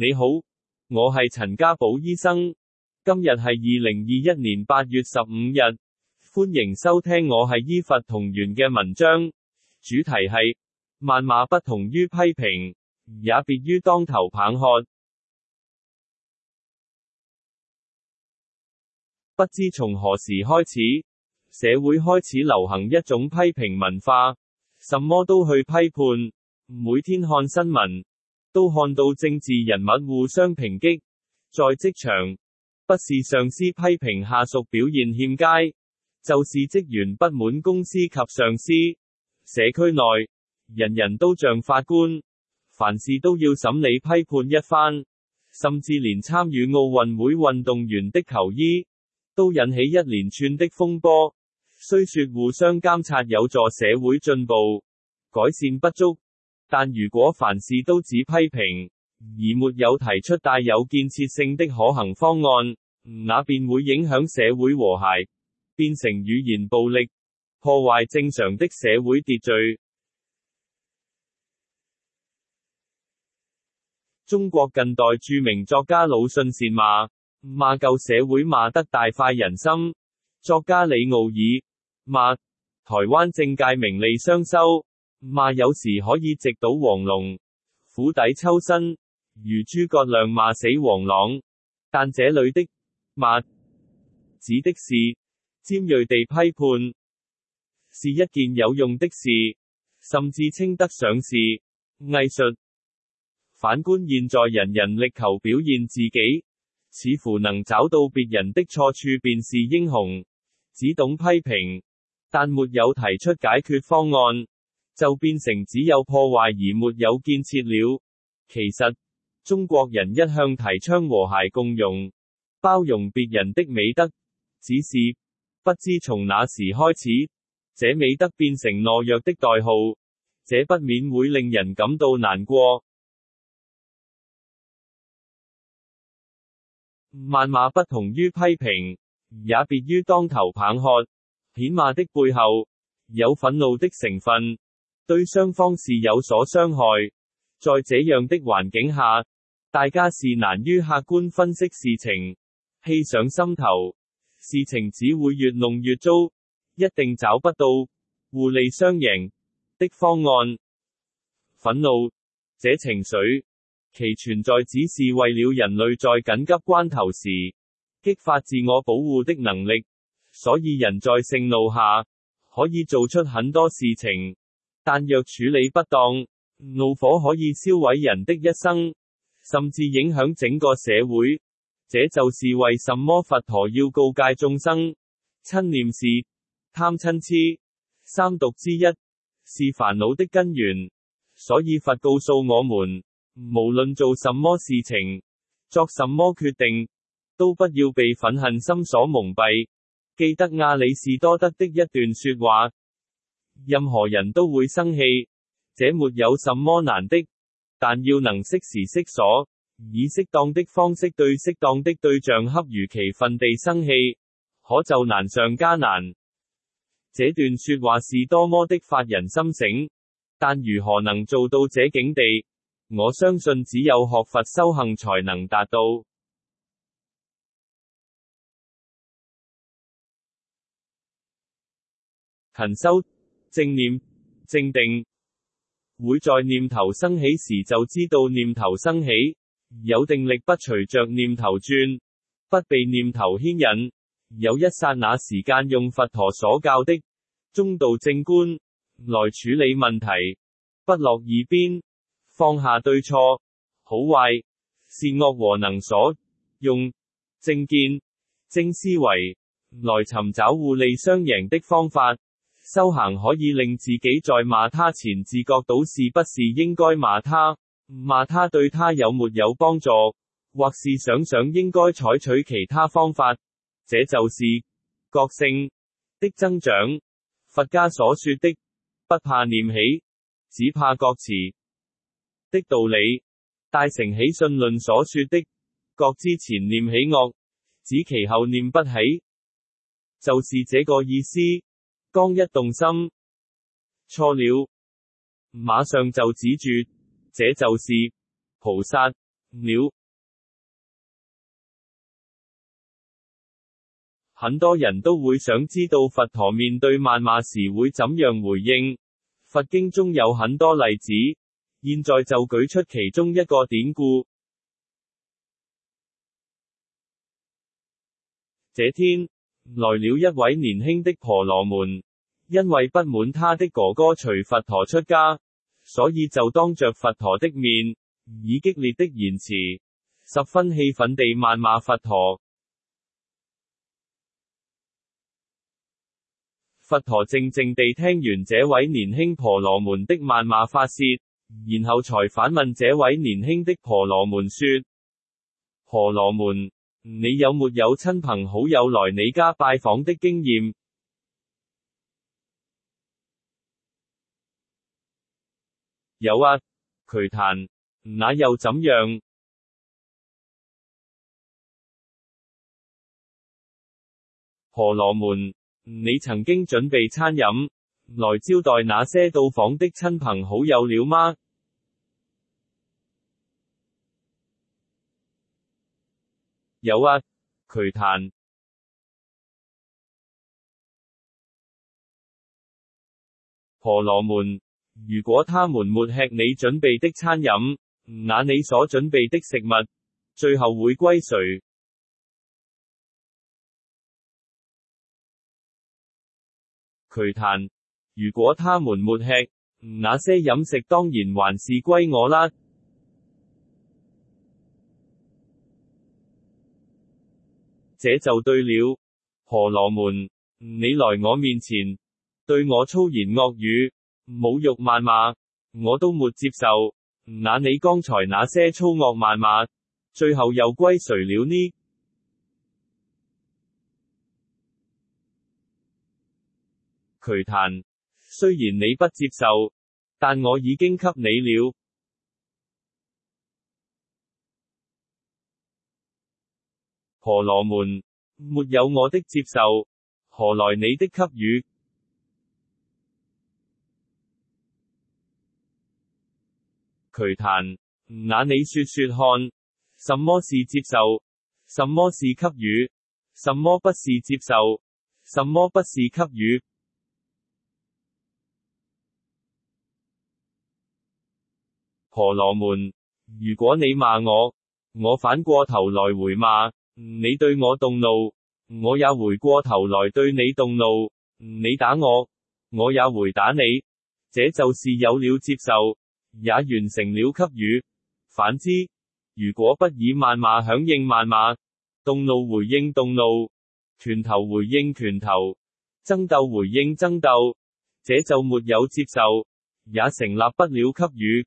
你好，我係陳家寶醫生。今日係二零二一年八月十五日，歡迎收聽我係醫法同源嘅文章，主題係謾罵不同於批評，也別於當頭棒喝。 不知從何時開始，社會開始流行一種批評文化，什麼都去批判，每天看新聞。都看到政治人物互相抨擊，在職場不是上司批評下屬表現欠佳，就是職員不滿公司及上司；社區內人人都像法官，凡事都要審理批判一番，甚至連參與奧運會運動員的球衣都引起一連串的風波。雖說互相監察有助社會進步，改善不足。但如果凡事都只批評，而沒有提出帶有建設性的可行方案，那便會影響社會和諧，變成語言暴力，破壞正常的社會秩序。中國近代著名,著名作家魯迅是罵罵舊社會罵得大快人心，作家李敖以罵台灣政界名利雙收。罵有時可以直搗黃龍，釜底抽薪，如諸葛亮罵死王朗。但這裏的罵指的是尖銳地批判，是一件有用的事，甚至稱得上是藝術。反觀現在，人人力求表現自己，似乎能找到別人的錯處便是英雄，只懂批評，但沒有提出解決方案。就變成只有破壞而沒有建設了。其實中國人一向提倡和諧共融，包容別人的美德，只是不知從哪時開始，這美德變成懦弱的代號，這不免會令人感到難過。謾罵不同於批評，也別於當頭棒喝。謾罵的背後有憤怒的成分。對雙方是有所傷害。在這樣的環境下，大家是難於客觀分析事情，氣上心頭，事情只會越弄越糟，一定找不到互利雙贏的方案。憤怒這情緒，其存在只是為了人類在緊急關頭時激發自我保護的能力，所以人在盛怒下可以做出很多事情。但若處理不當，怒火可以燒毀人的一生，甚至影響整個社會。這就是為什麼佛陀要告誡眾生：嗔念是貪、嗔痴、三毒之一，是煩惱的根源。所以佛告訴我們，無論做什麼事情、作什麼決定，都不要被憤恨心所蒙蔽。記得亞里士多德的一段說話。任何人都會生氣這沒有什麼難的，但要能適時適所，以適當的方式對適當的對象恰如其分地生氣，可就難上加難。這段說話是多麼的發人深省，但如何能做到這境地？我相信只有學佛修行才能達到勤修。正念正定會在念頭升起時就知道念頭升起，有定力不隨着念頭轉，不被念頭牽引，有一剎那時間用佛陀所教的中道正觀來處理問題，不落二邊，放下對錯好壞善惡和能所，用正見正思維來尋找互利雙贏的方法。修行可以令自己在罵他前自覺到是不是應該罵他，罵他對他有沒有幫助，或是想想應該採取其他方法。這就是覺性的增長。佛家所說的不怕念起，只怕覺遲的道理。大乘起信論所說的覺之前念起惡，止其後念不起，就是這個意思。當一動心錯了，馬上就止住，這就是菩薩了。很多人都會想知道佛陀面對謾罵時會怎樣回應。佛經中有很多例子，現在就舉出其中一個典故。這天來了一位年輕的婆羅門。因為不滿他的哥哥隨佛陀出家，所以就當着佛陀的面，以激烈的言辭，十分氣憤地謾罵佛陀。佛陀靜靜地聽完這位年輕婆羅門的謾罵發泄，然後才反問這位年輕的婆羅門說：婆羅門，你有沒有親朋好友來你家拜訪的經驗？有啊，瞿曇，那又怎樣？婆羅門，你曾經準備餐飲來招待那些到訪的親朋好友了嗎？有啊，瞿曇，婆羅門。如果他們沒吃你準備的餐飲，那你所準備的食物最後會歸誰？瞿曇，如果他們沒吃，那些飲食當然還是歸我啦。這就對了，婆羅門，你來我面前對我粗言惡語。侮辱謾罵，我都沒接受，那你剛才那些粗惡謾罵，最後又歸誰了呢？瞿曇，雖然你不接受，但我已經給你了。婆羅門，沒有我的接受，何來你的給予？瞿曇，那你說說看，什麼是接受，什麼是給予，什麼不是接受，什麼不是給予？婆羅門，如果你罵我，我反過頭來回罵；你對我動怒，我也回過頭來對你動怒；你打我，我也回打你。這就是有了接受。也完成了給予。反之，如果不以謾罵響應謾罵，動怒回應動怒，拳頭回應拳頭，爭鬥回應爭鬥，這就沒有接受，也成立不了給予。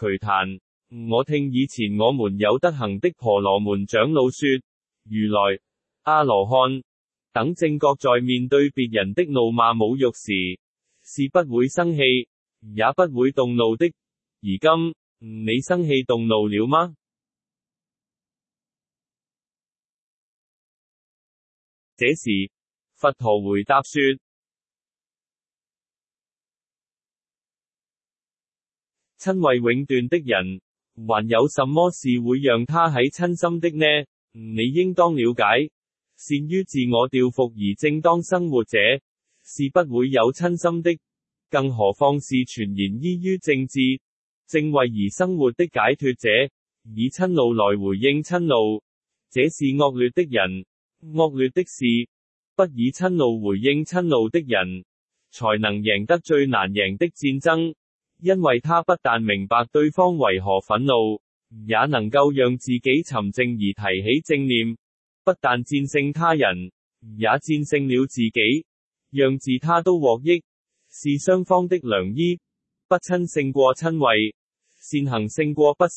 渠談，我聽以前我們有德行的婆羅門長老說，如來阿羅漢。等正覺在面對別人的怒罵侮辱時，是不會生氣，也不會動怒的。而今你生氣動怒了嗎？這時佛陀回答說：親為永斷的人，還有什麼事會讓他喺親心的呢？你應當了解。善於自我調伏而正當生活者是不會有親心的，更何況是全然依於政治正位而生活的解脫者，以親怒來回應親怒，這是惡劣的人，惡劣的事。不以親怒回應親怒的人，才能贏得最難贏的戰爭，因為他不但明白對方為何憤怒，也能夠讓自己沉靜而提起正念。不但戰勝他人，也戰勝了自己，讓自他都獲益，是雙方的良醫。不瞋勝過瞋恚，善行勝過不善，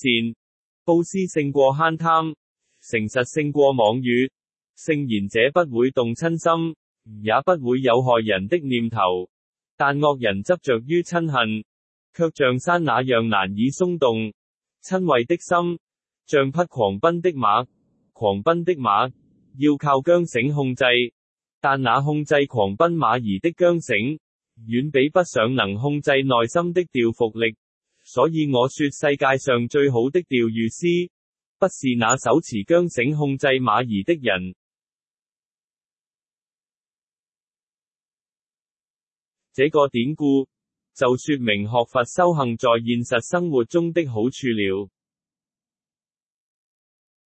布施勝過慳貪，誠實勝過妄語。聖賢者不會動瞋心，也不會有害人的念頭，但惡人執着於瞋恨，却像山那樣難以鬆動。瞋恚的心像匹狂奔的馬。狂奔的馬要靠韁繩控制，但那控制狂奔馬兒的韁繩遠比不上能控制內心的調伏力，所以我說世界上最好的調御師不是那手持韁繩控制馬兒的人。這個典故就說明學佛修行在現實生活中的好處了。